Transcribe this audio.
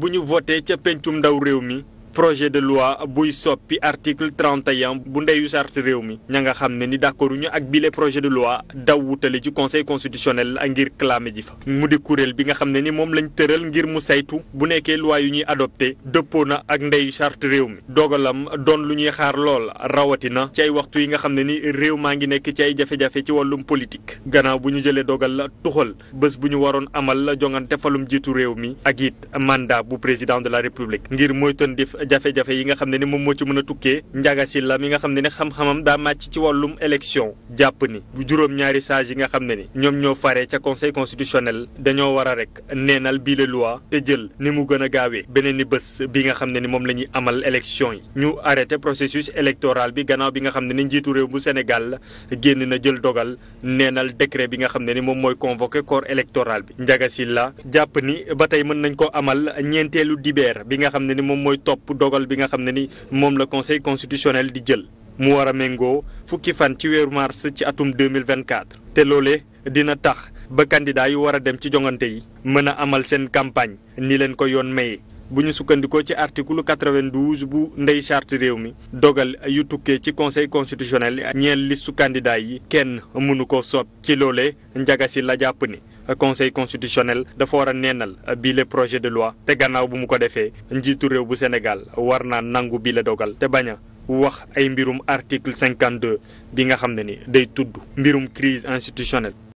bu ñu voté ca pencum ndaw réew mi projet de loi buy soppi article 31 bu ndeyu charte réew mi ña nga xam ne ni d'accorduñu ak bile projet de loi daw wutale ci conseil constitutionnel ngir clamé ji fa mu di kuréel bi nga xam ne ni moom lañ tëral ngir mu saytu bu nekkee loi yu ñuy adopté dëppoo na ak ndeyu charte réew mi dogalam doon lu ñuy xaar lool rawatina ci ay waxtu yi nga xam ne ni réew maa ngi nekk ci ay jafe-jafe ci wàllum politique gannaaw bu ñu jëlee dogal la tuxal bés bu ñu waroon amal la jongante falum jiitu réew mi ak it mandat bu président de la république jafe-jafe yi nga xam ne ni moom moo ci mën a tukkee Ndiaga Sylla mi nga xam ne ni xam-xamam daa màcc ci wàllum élection jàpp ni bu juróom-ñaari sages yi nga xam ne ni ñoom ñoo fare ca conseil constitutionnel dañoo war a rek neenal bii la loi te jël ni mu gën gaawee beneen ni bés bi nga xam ne ni moom la ñuy amal élection yi ñu arrêté processus électoral bi gannaaw bi nga xam ne ni njiitu réew mu Sénégal génn na jël dogal neenal décret bi nga xam ne ni moom bi Ndiaga Sylla jàpp ni ba tey mën nañ ko amal ñeenteelu bi nga dogal bi nga xam ne ni moom la conseil constitutionnel di jël mu war a méngoo fukki fan ci weeru mars ci atum 2024 te loole dina tax ba candidat yu war a dem ci jongante yi mën a amal seen campagne ni leen ko yoon maye bu ñu sukkandikoo ci article 92 bu ndey charte réew mi dogal yu tukkee ci conseil constitutionnel ñeel li sukkandidaa yi kenn mënu ko sot ci loole njaga si la jàpp ni conseil constitutionnel dafa war a neenal bii projet de loi te gannaaw bu mu ko defee njiitu réew bu Sénégal war naa nangu bii la dogal te baña a wax ay mbirum article 52 bi nga xam ne ni day tudd mbirum crise institutionnelle